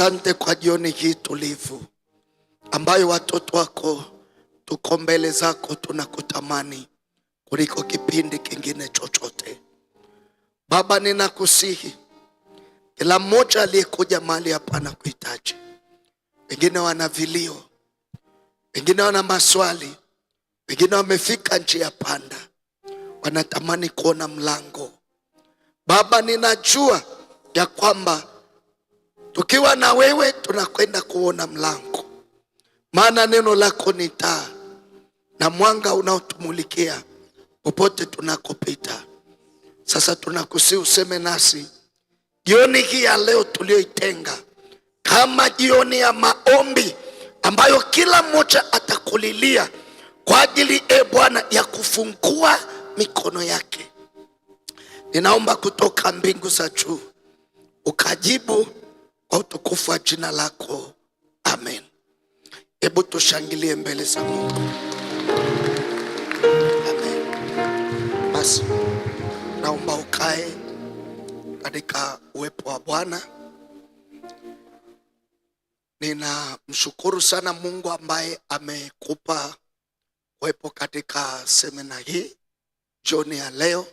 asante kwa jioni hii tulivu ambayo watoto wako tuko mbele zako, tunakutamani kuliko kipindi kingine chochote. Baba, ninakusihi kila mmoja aliyekuja mahali hapa na kuhitaji, wengine wana vilio, wengine wana maswali, wengine wamefika njia panda, wanatamani kuona mlango. Baba, ninajua ya kwamba Tukiwa na wewe tunakwenda kuona mlango, maana neno lako ni taa na mwanga unaotumulikia popote tunakopita. Sasa tunakusi useme nasi jioni hii ya leo tulioitenga kama jioni ya maombi ambayo kila mmoja atakulilia kwa ajili e Bwana ya kufungua mikono yake. Ninaomba kutoka mbingu za juu ukajibu kwa utukufu wa jina lako, amen. Hebu tushangilie mbele za Mungu, amen. Basi naomba ukae katika uwepo wa Bwana. Ninamshukuru sana Mungu ambaye amekupa uwepo katika semina hii jioni ya leo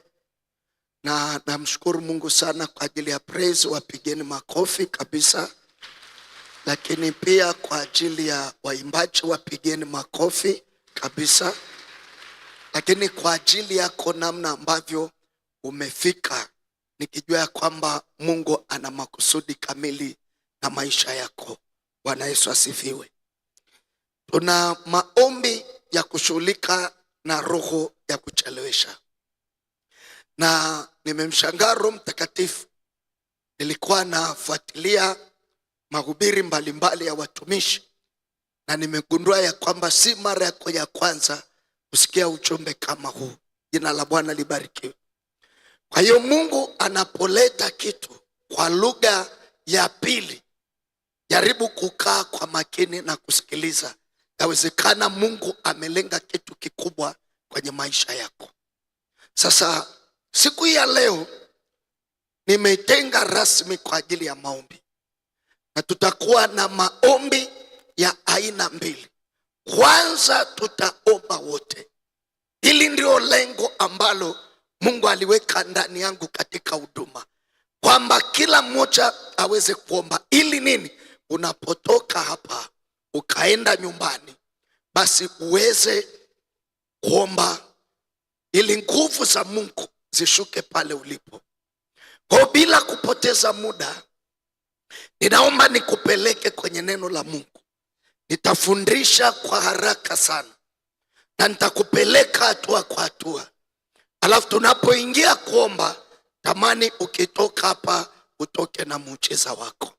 na namshukuru Mungu sana kwa ajili ya praise, wapigeni makofi kabisa. Lakini pia kwa ajili ya waimbaji wapigeni makofi kabisa. Lakini kwa ajili yako namna ambavyo umefika, nikijua ya kwamba Mungu ana makusudi kamili na maisha yako. Bwana Yesu asifiwe. Tuna maombi ya kushughulika na roho ya kuchelewesha na nimemshangaa Roho Mtakatifu. Nilikuwa nafuatilia mahubiri mbalimbali ya watumishi na nimegundua ya kwamba si mara yako ya kwanza kusikia ujumbe kama huu. Jina la Bwana libarikiwe. Kwa hiyo Mungu anapoleta kitu kwa lugha ya pili, jaribu kukaa kwa makini na kusikiliza. Yawezekana Mungu amelenga kitu kikubwa kwenye maisha yako. Sasa Siku ya leo nimetenga rasmi kwa ajili ya maombi, na tutakuwa na maombi ya aina mbili. Kwanza tutaomba wote. Hili ndio lengo ambalo Mungu aliweka ndani yangu katika huduma, kwamba kila mmoja aweze kuomba. Ili nini? Unapotoka hapa ukaenda nyumbani, basi uweze kuomba ili nguvu za Mungu zishuke pale ulipo. Kwa bila kupoteza muda, ninaomba nikupeleke kwenye neno la Mungu. Nitafundisha kwa haraka sana na nitakupeleka hatua kwa hatua, alafu tunapoingia kuomba, tamani ukitoka hapa utoke na muujiza wako.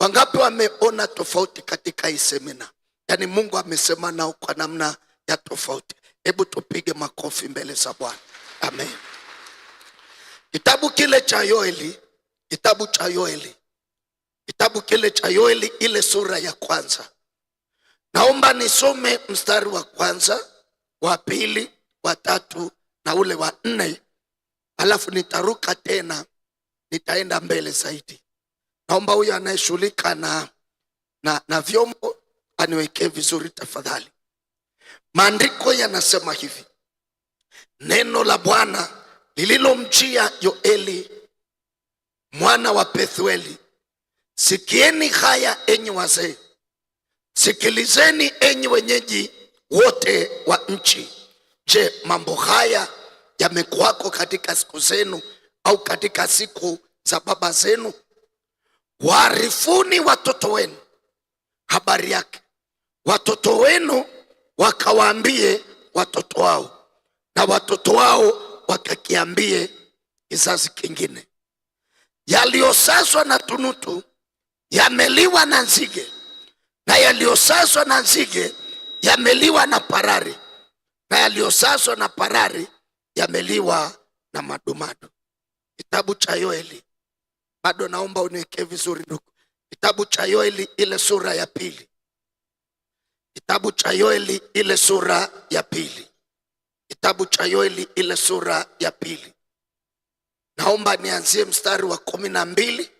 Wangapi wameona tofauti katika hii semina? Yaani Mungu amesema nao kwa namna ya tofauti. Hebu tupige makofi mbele za Bwana. Amen. Kitabu kile cha Yoeli, kitabu cha Yoeli, kitabu kile cha Yoeli, ile sura ya kwanza. Naomba nisome mstari wa kwanza, wa pili, wa tatu na ule wa nne, alafu nitaruka tena, nitaenda mbele zaidi. Naomba huyo anayeshughulika na, na, na vyombo aniwekee vizuri tafadhali. Maandiko yanasema hivi, neno la Bwana lililomjia Yoeli mwana wa Pethueli. Sikieni haya enyi wazee, sikilizeni enyi wenyeji wote wa nchi. Je, mambo haya yamekuwako katika siku zenu au katika siku za baba zenu? Waarifuni watoto wenu habari yake, watoto wenu wakawaambie watoto wao, na watoto wao wakakiambie kizazi kingine. Yaliyosaswa na tunutu yameliwa na nzige, na yaliyosaswa na nzige yameliwa na parari, na yaliyosaswa na parari yameliwa na madumadu. Kitabu cha Yoeli, bado naomba uniwekee vizuri ndugu. Kitabu cha Yoeli ile sura ya pili, kitabu cha Yoeli ile sura ya pili Kitabu cha Yoeli ile sura ya pili. Naomba nianzie mstari wa kumi na mbili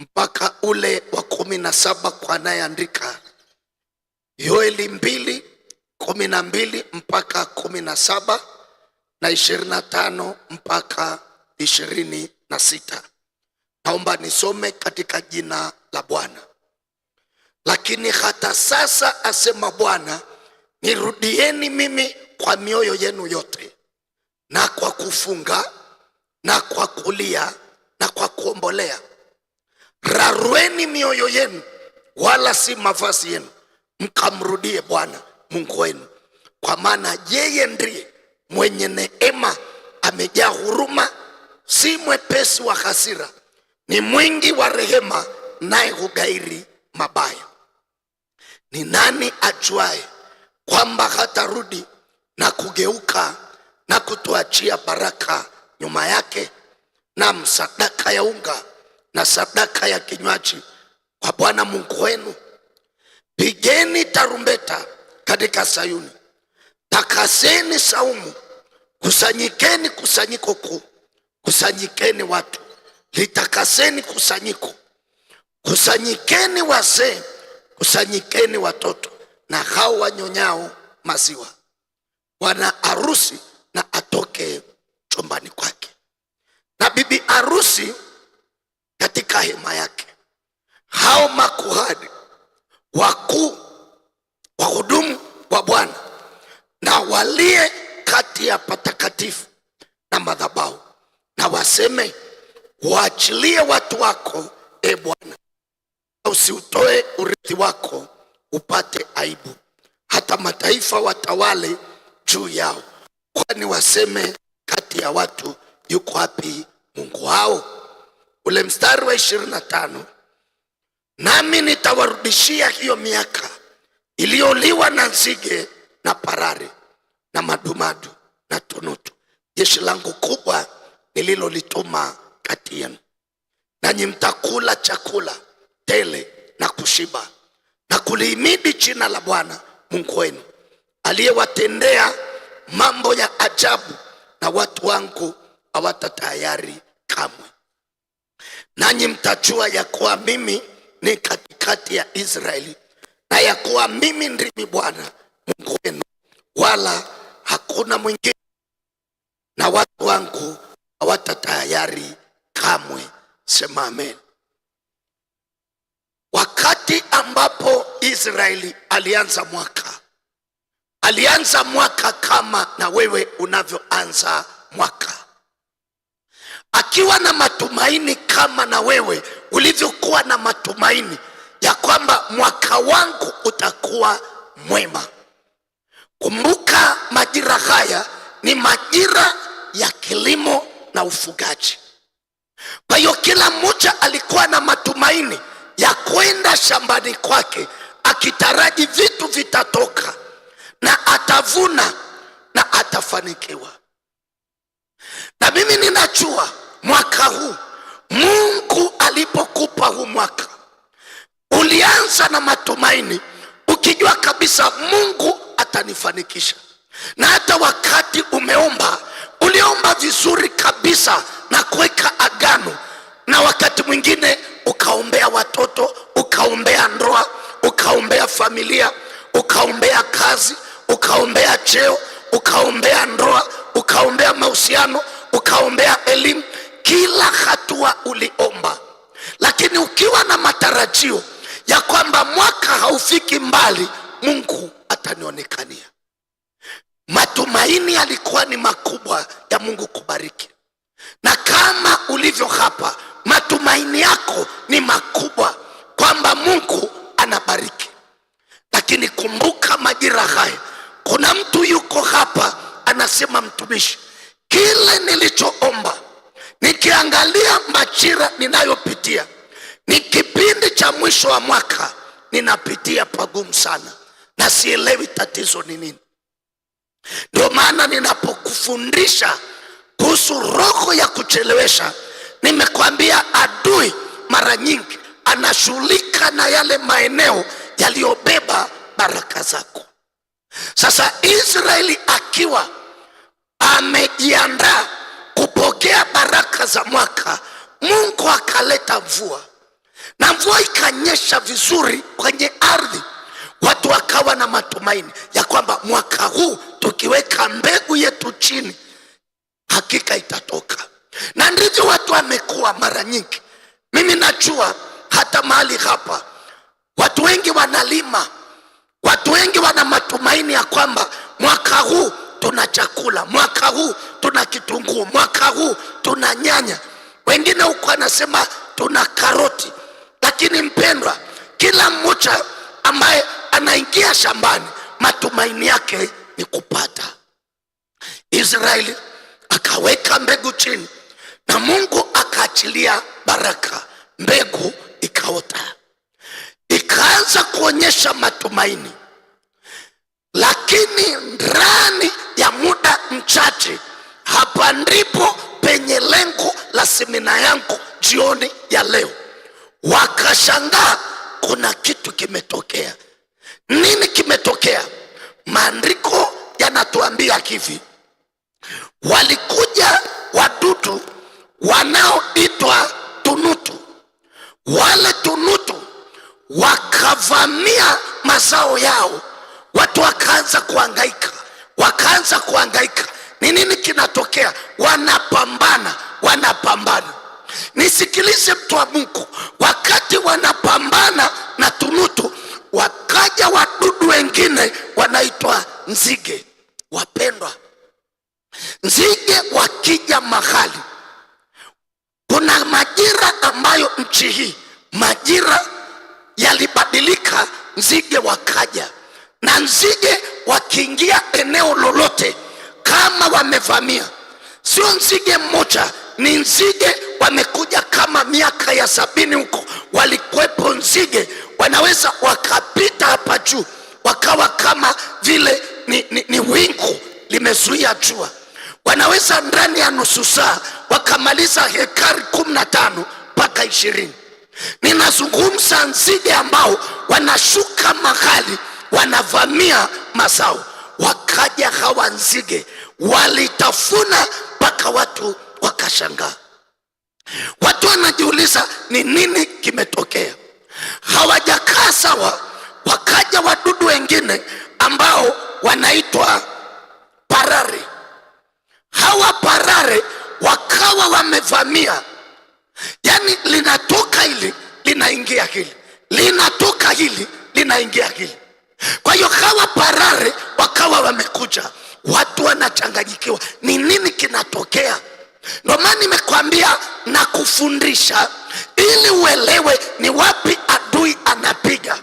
mpaka ule wa kumi na saba kwa anayeandika. Yoeli mbili kumi na mbili mpaka kumi na saba na ishirini na tano mpaka ishirini na sita. Naomba nisome katika jina la Bwana. Lakini hata sasa, asema Bwana, nirudieni mimi kwa mioyo yenu yote na kwa kufunga na kwa kulia na kwa kuombolea. Rarueni mioyo yenu, wala si mavazi yenu, mkamrudie Bwana Mungu wenu, kwa maana yeye ndiye mwenye neema, amejaa huruma, si mwepesi wa hasira, ni mwingi wa rehema, naye hugairi mabaya. Ni nani ajuaye kwamba hatarudi na kugeuka na kutuachia baraka nyuma yake, nam sadaka ya unga na sadaka ya kinywaji kwa Bwana Mungu wenu. Pigeni tarumbeta katika Sayuni, takaseni saumu, kusanyikeni kusanyiko kuu, kusanyikeni watu, litakaseni kusanyiko, kusanyikeni wazee, kusanyikeni watoto na hao wanyonyao maziwa bwana harusi na atoke chumbani kwake, na bibi harusi katika hema yake. Hao makuhani wakuu, wahudumu wa Bwana na walie kati ya patakatifu na madhabau na waseme, waachilie watu wako, e Bwana, usiutoe urithi wako upate aibu, hata mataifa watawale juu yao, kwani waseme kati ya watu yuko wapi Mungu wao? Ule mstari wa ishirini na tano, nami nitawarudishia hiyo miaka iliyoliwa na nzige na parare na madumadu na tunutu, jeshi langu kubwa nililolituma kati yenu, nanyi mtakula chakula tele na kushiba na kulihimidi jina la Bwana Mungu wenu aliyewatendea mambo ya ajabu, na watu wangu hawata tayari kamwe. Nanyi mtajua ya kuwa mimi ni katikati ya Israeli na ya kuwa mimi ndimi Bwana Mungu wenu, wala hakuna mwingine, na watu wangu hawata tayari kamwe. Sema amen. Wakati ambapo Israeli alianza mwaka alianza mwaka kama na wewe unavyoanza mwaka, akiwa na matumaini kama na wewe ulivyokuwa na matumaini ya kwamba mwaka wangu utakuwa mwema. Kumbuka majira haya ni majira ya kilimo na ufugaji. Kwa hiyo kila mmoja alikuwa na matumaini ya kwenda shambani kwake akitaraji vitu vitatoka na atavuna na atafanikiwa. Na mimi ninachua mwaka huu Mungu alipokupa huu mwaka ulianza na matumaini, ukijua kabisa Mungu atanifanikisha. Na hata wakati umeomba uliomba vizuri kabisa na kuweka agano, na wakati mwingine ukaombea watoto, ukaombea ndoa, ukaombea familia, ukaombea kazi ukaombea cheo, ukaombea ndoa, ukaombea mahusiano, ukaombea elimu, kila hatua uliomba. Lakini ukiwa na matarajio ya kwamba mwaka haufiki mbali, Mungu atanionekania. Matumaini yalikuwa ni makubwa ya Mungu kubariki, na kama ulivyo hapa, matumaini yako ni makubwa kwamba Mungu anabariki, lakini kumbuka majira haya kuna mtu yuko hapa anasema, mtumishi, kile nilichoomba nikiangalia majira ninayopitia ni kipindi cha mwisho wa mwaka, ninapitia pagumu sana na sielewi tatizo ni nini. Ndio maana ninapokufundisha kuhusu roho ya kuchelewesha, nimekwambia adui mara nyingi anashughulika na yale maeneo yaliyobeba baraka zako. Sasa Israeli akiwa amejiandaa kupokea baraka za mwaka, Mungu akaleta mvua na mvua ikanyesha vizuri kwenye ardhi, watu wakawa na matumaini ya kwamba mwaka huu tukiweka mbegu yetu chini hakika itatoka, na ndivyo watu wamekuwa mara nyingi. Mimi najua hata mahali hapa watu wengi wanalima Watu wengi wana matumaini ya kwamba mwaka huu tuna chakula, mwaka huu tuna kitunguu, mwaka huu tuna nyanya, wengine huko anasema tuna karoti. Lakini mpendwa, kila mmoja ambaye anaingia shambani matumaini yake ni kupata. Israeli akaweka mbegu chini na Mungu akaachilia baraka, mbegu ikaota kuonyesha matumaini, lakini ndani ya muda mchache. Hapa ndipo penye lengo la semina yangu jioni ya leo. Wakashangaa, kuna kitu kimetokea. Nini kimetokea? Maandiko yanatuambia hivi, walikuja wadudu wanaoitwa tunutu. Wale tunutu wakavamia mazao yao, watu wakaanza kuangaika wakaanza kuangaika Ni nini kinatokea? Wanapambana, wanapambana. Nisikilize mtu wa Mungu, wakati wanapambana na tunutu, wakaja wadudu wengine wanaitwa nzige. Wapendwa, nzige wakija mahali, kuna majira ambayo nchi hii majira yalibadilika, nzige wakaja. Na nzige wakiingia eneo lolote, kama wamevamia, sio nzige mmoja, ni nzige wamekuja. Kama miaka ya sabini huko walikuwepo nzige, wanaweza wakapita hapa juu, wakawa kama vile ni, ni, ni wingu limezuia jua wanaweza ndani ya nusu saa wakamaliza hekari kumi na tano mpaka ishirini. Ninazungumza nzige ambao wanashuka mahali wanavamia mazao. Wakaja hawa nzige walitafuna mpaka watu wakashangaa. Watu wanajiuliza ni nini kimetokea. Hawajakaa sawa, wakaja wadudu wengine ambao wanaitwa parare. Hawa parare wakawa wamevamia yani linatoka hili linaingia hili, linatoka hili linaingia hili. Kwa hiyo hawa parare wakawa wamekuja, watu wanachanganyikiwa, ni nini kinatokea? Ndio maana nimekwambia na kufundisha ili uelewe ni wapi adui anapiga.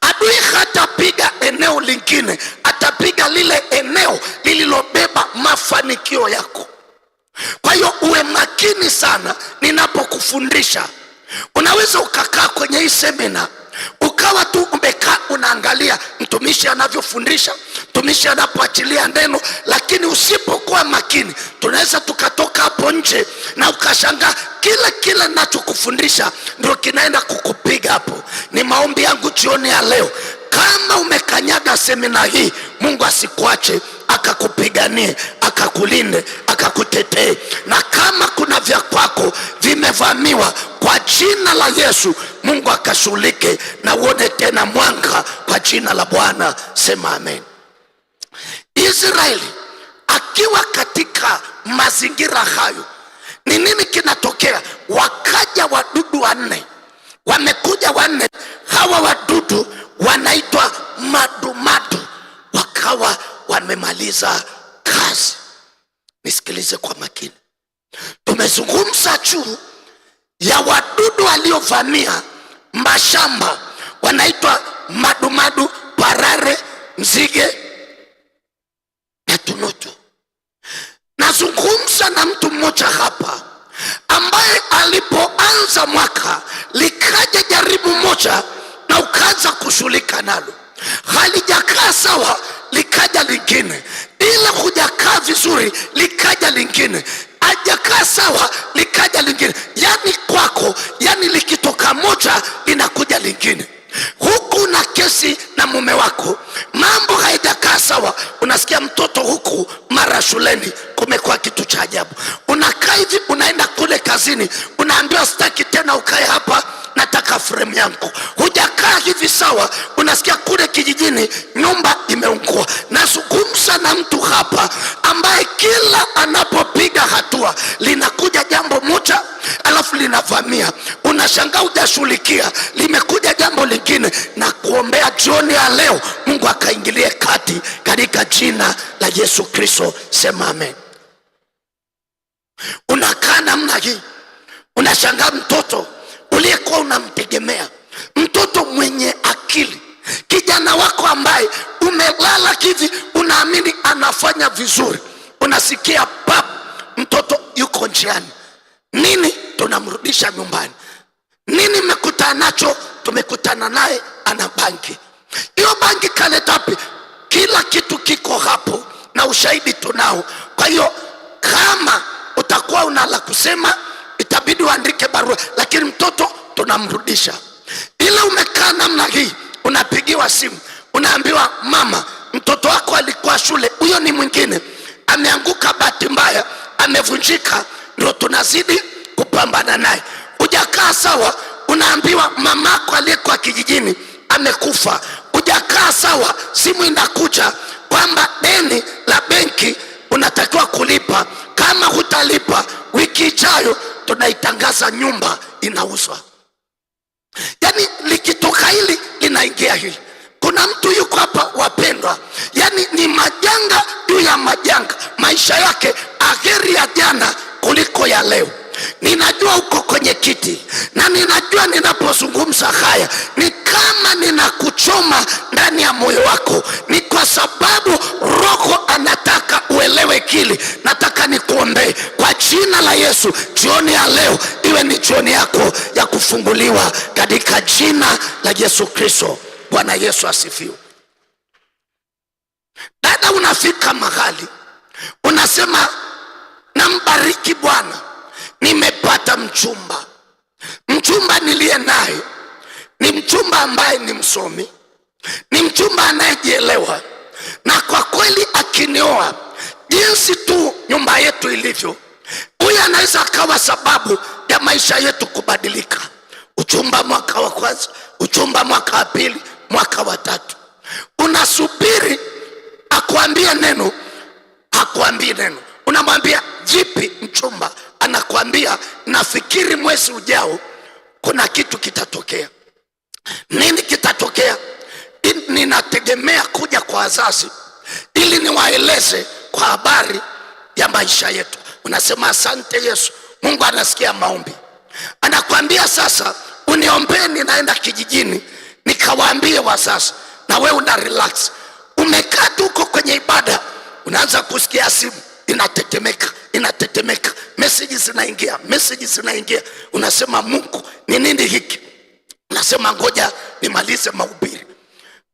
Adui hatapiga eneo lingine, atapiga lile eneo lililobeba mafanikio yako. Kwa hiyo uwe makini sana ninapokufundisha. Unaweza ukakaa kwenye hii semina ukawa tu umekaa unaangalia mtumishi anavyofundisha, mtumishi anapoachilia neno, lakini usipokuwa makini, tunaweza tukatoka hapo nje na ukashangaa kila kila nachokufundisha ndio kinaenda kukupiga hapo. Ni maombi yangu jioni ya leo, kama umekanyaga semina hii, Mungu asikuache akakupiganie akakulinde akakutetee, na kama kuna vya kwako vimevamiwa, kwa jina la Yesu Mungu akashughulike na uone tena mwanga, kwa jina la Bwana, sema amen. Israeli akiwa katika mazingira hayo, ni nini kinatokea? Wakaja wadudu wanne, wamekuja wanne. Hawa wadudu wanaitwa madumadu, wakawa wamemaliza kazi nisikilize kwa makini. Tumezungumza juu ya wadudu waliovamia mashamba, wanaitwa madumadu, parare, nzige na tunutu. Nazungumza na mtu mmoja hapa ambaye alipoanza mwaka likaja jaribu moja na ukaanza kushughulika nalo, halijakaa sawa likaja lingine, bila hujakaa vizuri, likaja lingine, ajakaa sawa, likaja lingine, yani kwako, yani likitoka moja linakuja lingine. Huku na kesi na mume wako, mambo haijakaa sawa, unasikia mtoto huku mara shuleni kumekuwa kitu cha ajabu. Unakaa hivi, unaenda kule kazini, unaambiwa sitaki tena ukae hapa, nataka fremu yangu. Hujakaa hivi sawa, unasikia kule kijijini nyumba imeungua. Nazungumza na mtu hapa ambaye kila anapopiga hatua linakuja jambo moja alafu linavamia, unashangaa hujashughulikia, limekuja jambo lingine. Na kuombea jioni ya leo Mungu akaingilie kati katika jina la Yesu Kristo, sema amen. Unakaa namna hii, unashangaa mtoto uliyekuwa unamtegemea, mtoto mwenye akili, kijana wako ambaye umelala hivi, unaamini anafanya vizuri, unasikia pap, mtoto yuko njiani. Nini tunamrudisha nyumbani? Nini mmekutana nacho? Tumekutana naye ana banki hiyo bangi kaleta wapi? Kila kitu kiko hapo na ushahidi tunao. Kwa hiyo kama utakuwa unala kusema, itabidi uandike barua, lakini mtoto tunamrudisha. Ila umekaa namna hii, unapigiwa simu, unaambiwa mama, mtoto wako alikuwa shule, huyo ni mwingine, ameanguka, bahati mbaya amevunjika, ndio tunazidi kupambana naye. Ujakaa sawa, unaambiwa mamako aliyekuwa kijijini amekufa haujakaa sawa, simu inakuja kwamba deni la benki unatakiwa kulipa. Kama hutalipa, wiki ijayo tunaitangaza nyumba inauzwa. Yani likitoka hili linaingia hili. Kuna mtu yuko hapa wapendwa, yani ni majanga juu ya majanga, maisha yake aheri ya jana kuliko ya leo ninajua uko kwenye kiti na ninajua ninapozungumza haya ni kama ninakuchoma ndani ya moyo wako, ni kwa sababu Roho anataka uelewe kili. Nataka nikuombee kwa jina la Yesu, jioni ya leo iwe ni jioni yako ya kufunguliwa katika jina la Yesu Kristo. Bwana Yesu asifiwe. Dada, unafika mahali unasema, nambariki Bwana nimepata mchumba. Mchumba niliye naye ni mchumba ambaye ni msomi, ni mchumba anayejielewa, na kwa kweli akinioa, jinsi tu nyumba yetu ilivyo, huyu anaweza akawa sababu ya maisha yetu kubadilika. Uchumba mwaka wa kwanza, uchumba mwaka wa pili, mwaka wa tatu, unasubiri akuambie neno, akuambie neno unamwambia jipi mchumba, anakuambia nafikiri mwezi ujao kuna kitu kitatokea. Nini kitatokea? Ninategemea kuja kwa wazazi ili niwaeleze kwa habari ya maisha yetu. Unasema asante Yesu, Mungu anasikia maombi. Anakwambia sasa, uniombee ninaenda kijijini nikawaambie wazazi, na wee una relax, umekaa tu huko kwenye ibada, unaanza kusikia simu inatetemeka, inatetemeka, meseji zinaingia, meseji zinaingia, unasema Mungu ni nini hiki? Unasema ngoja nimalize mahubiri.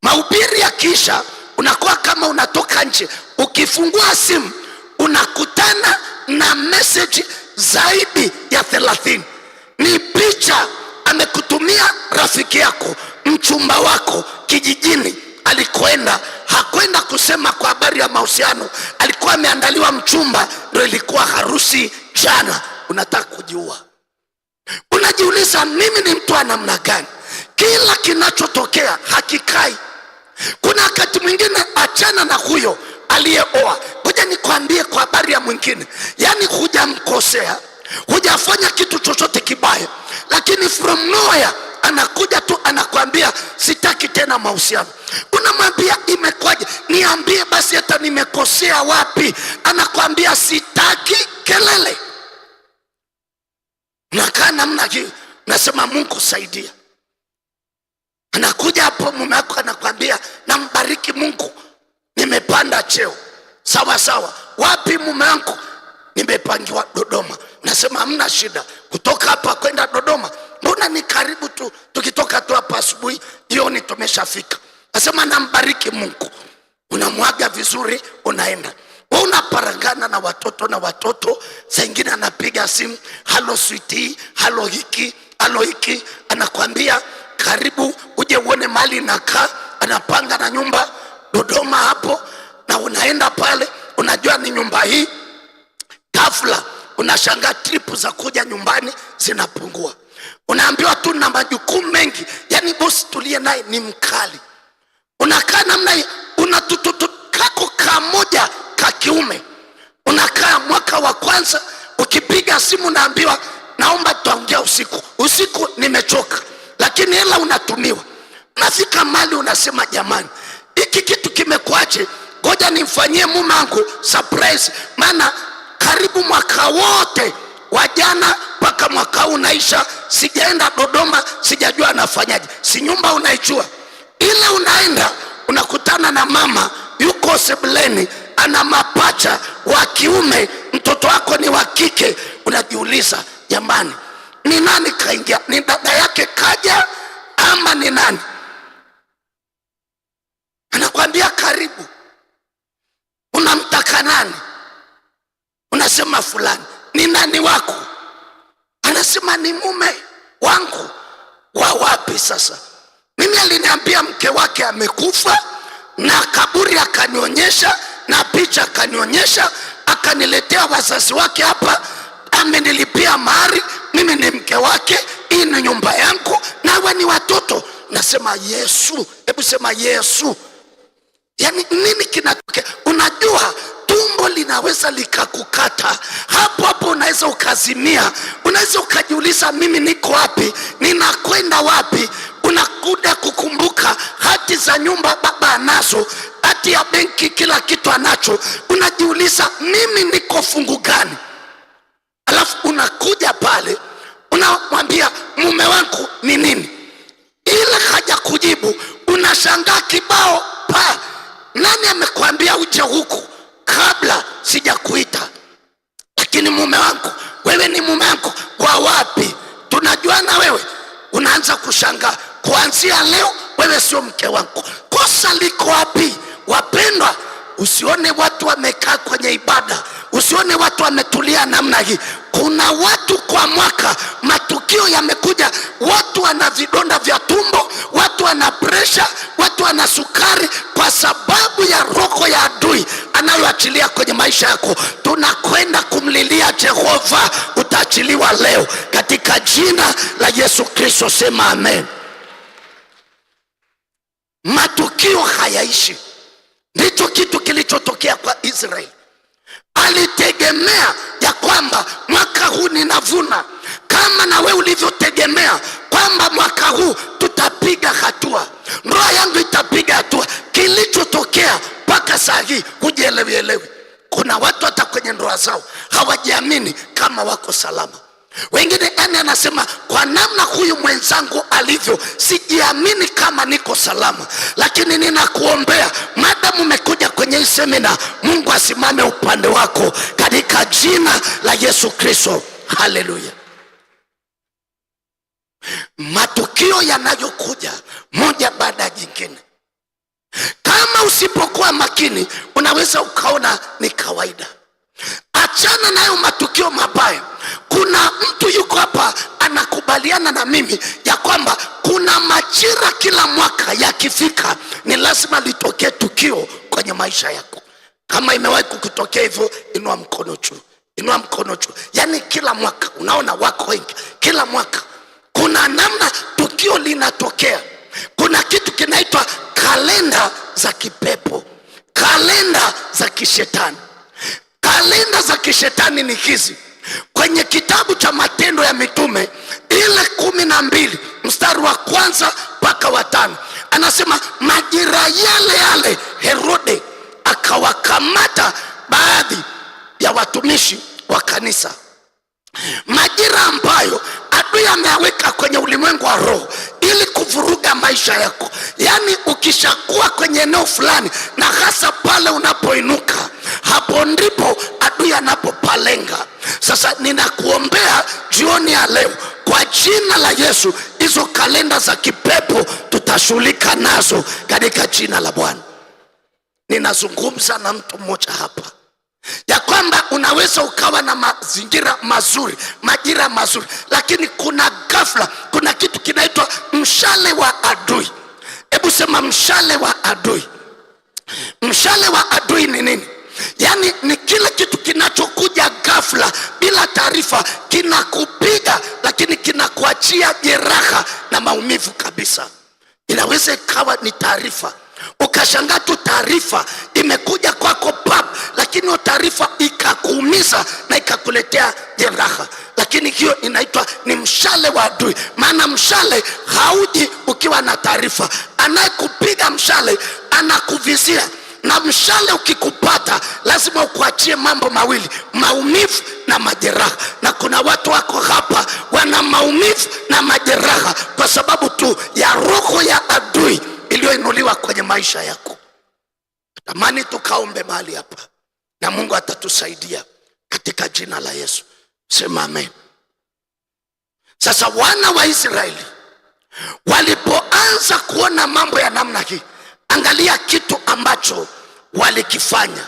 Mahubiri yakiisha, unakuwa kama unatoka nje, ukifungua simu unakutana na meseji zaidi ya thelathini. Ni picha amekutumia rafiki yako, mchumba wako kijijini alikwenda hakwenda kusema kwa habari ya mahusiano, alikuwa ameandaliwa mchumba, ndio ilikuwa harusi jana. Unataka kujiua, unajiuliza mimi ni mtu wa namna gani? Kila kinachotokea hakikai. Kuna wakati mwingine, achana na huyo aliyeoa, kuja nikwambie kwa habari ya mwingine, yaani hujamkosea, hujafanya kitu chochote kibaya, lakini from nowhere anakuja tu anakwambia sitaki tena mahusiano. Unamwambia imekwaje? Niambie basi hata nimekosea wapi? Anakwambia sitaki kelele. Nakaa namna hii nasema Mungu saidia. Anakuja hapo mume wako anakwambia nambariki Mungu, nimepanda cheo. Sawa sawa, wapi mume wangu? nimepangiwa Dodoma. Nasema hamna shida, kutoka hapa kwenda Dodoma mbona ni karibu tu, tukitoka tu hapa asubuhi, jioni tumeshafika. Nasema nambariki Mungu, unamwaga vizuri, unaenda unaparangana na watoto na watoto, saingine anapiga simu, halo switi, halo hiki, halo hiki, anakwambia karibu uje uone mali nakaa, anapanga na nyumba Dodoma hapo, na unaenda pale, unajua ni nyumba hii ghafla unashangaa tripu za kuja nyumbani zinapungua. Unaambiwa tu na majukumu mengi, yani bosi tuliye naye ni mkali. Unakaa namna hii, unatututukako kaa moja ka kiume, unakaa mwaka wa kwanza, ukipiga simu naambiwa naomba tutaongea usiku. Usiku nimechoka, lakini hela unatumiwa. Nafika mali unasema jamani, hiki kitu kimekuache, ngoja nimfanyie mumangu surprise, maana karibu mwaka wote wa jana mpaka mwaka huu unaisha, sijaenda Dodoma, sijajua anafanyaje, si nyumba unaijua, ile. unaenda unakutana na mama yuko sebuleni, ana mapacha wa kiume, mtoto wako ni wa kike. Unajiuliza, jamani, ni nani kaingia? Ni dada yake kaja ama ni nani? Anakwambia karibu. Unamtaka nani? Unasema fulani ni nani wako? Anasema ni mume wangu. Wa wapi sasa? Mimi aliniambia mke wake amekufa, na kaburi akanionyesha, na picha akanionyesha, akaniletea wazazi wake hapa, amenilipia mahari, mimi ni mke wake, hii ni nyumba yangu, nawe ni watoto. Nasema Yesu, hebu sema Yesu. Yaani nini kinatokea? Unajua tumbo linaweza likakukata hapo hapo, unaweza ukazimia, unaweza ukajiuliza, mimi niko wapi? Ninakwenda wapi? Unakuda kukumbuka hati za nyumba baba anazo, hati ya benki, kila kitu anacho. Unajiuliza, mimi niko fungu gani? Alafu unakuja pale unamwambia mume wangu ni nini, ila haja kujibu, unashangaa kibao pa nani amekwambia uje huku? kabla sijakuita, lakini mume wangu wewe, ni mume wangu kwa wapi? Tunajuana wewe, unaanza kushangaa kuanzia leo, wewe sio mke wangu. Kosa liko wapi, wapendwa? Usione watu wamekaa kwenye ibada, usione watu wametulia namna hii. Kuna watu kwa mwaka matukio yamekuja, watu wana vidonda vya tumbo, watu wana presha, watu wana sukari, kwa sababu ya roho ya adui anayoachilia kwenye maisha yako. Tunakwenda kumlilia Jehova, utaachiliwa leo katika jina la Yesu Kristo, sema amen. Matukio hayaishi. Ndicho kitu kilichotokea kwa Israeli. Alitegemea ya kwamba mwaka huu ninavuna, kama na wewe ulivyotegemea kwamba mwaka huu tutapiga hatua, ndoa yangu itapiga hatua. Kilichotokea mpaka saa hii hujielewielewi. Kuna watu hata kwenye ndoa zao hawajiamini kama wako salama. Wengine ani anasema kwa namna huyu mwenzangu alivyo, sijiamini kama niko salama, lakini ninakuombea madamu umekuja kwenye hii semina, Mungu asimame upande wako katika jina la Yesu Kristo. Haleluya! Matukio yanayokuja moja baada ya jingine, kama usipokuwa makini, unaweza ukaona ni kawaida Achana nayo matukio mabaya. Kuna mtu yuko hapa anakubaliana na mimi ya kwamba kuna majira kila mwaka yakifika, ni lazima litokee tukio kwenye maisha yako. Kama imewahi kukutokea hivyo, inua mkono juu, inua mkono juu. Yaani kila mwaka unaona, wako wengi, kila mwaka kuna namna tukio linatokea. Kuna kitu kinaitwa kalenda za kipepo, kalenda za kishetani. Kalenda za kishetani ni hizi. Kwenye kitabu cha Matendo ya Mitume ile kumi na mbili mstari wa kwanza mpaka wa tano anasema majira yale yale Herode akawakamata baadhi ya watumishi wa kanisa, majira ambayo adui ameaweka kwenye ulimwengu wa roho ili kuvuruga maisha yako. Yaani ukishakuwa kwenye eneo fulani, na hasa pale unapoinuka, hapo ndipo adui anapopalenga. Sasa ninakuombea jioni ya leo kwa jina la Yesu, hizo kalenda za kipepo tutashughulika nazo katika jina la Bwana. Ninazungumza na mtu mmoja hapa ya kwamba unaweza ukawa na mazingira mazuri, majira mazuri, lakini kuna ghafla, kuna kitu kinaitwa mshale wa adui. Hebu sema mshale wa adui. Mshale wa adui ni nini? Yaani ni kile kitu kinachokuja ghafla bila taarifa, kinakupiga lakini kinakuachia jeraha na maumivu kabisa. Inaweza ikawa ni taarifa ukashangaa tu taarifa imekuja kwako pap, lakini hiyo taarifa ikakuumiza na ikakuletea jeraha, lakini hiyo inaitwa ni mshale wa adui. Maana mshale hauji ukiwa na taarifa, anayekupiga mshale anakuvizia na mshale ukikupata lazima ukuachie mambo mawili, maumivu na majeraha. Na kuna watu wako hapa wana maumivu na majeraha kwa sababu tu ya roho ya adui iliyoinuliwa kwenye maisha yako. Natamani tukaombe mahali hapa na Mungu atatusaidia katika jina la Yesu. Sema amen. Sasa wana wa Israeli walipoanza kuona mambo ya namna hii, angalia kitu ambacho walikifanya.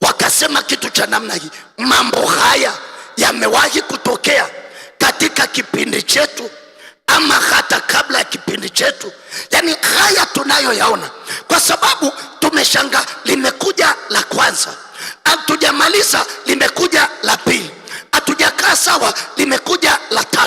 Wakasema kitu cha namna hii, mambo haya yamewahi kutokea katika kipindi chetu ama hata kabla ya kipindi chetu. Yani haya tunayoyaona, kwa sababu tumeshanga limekuja la kwanza, hatujamaliza limekuja la pili, hatujakaa sawa, limekuja la tatu.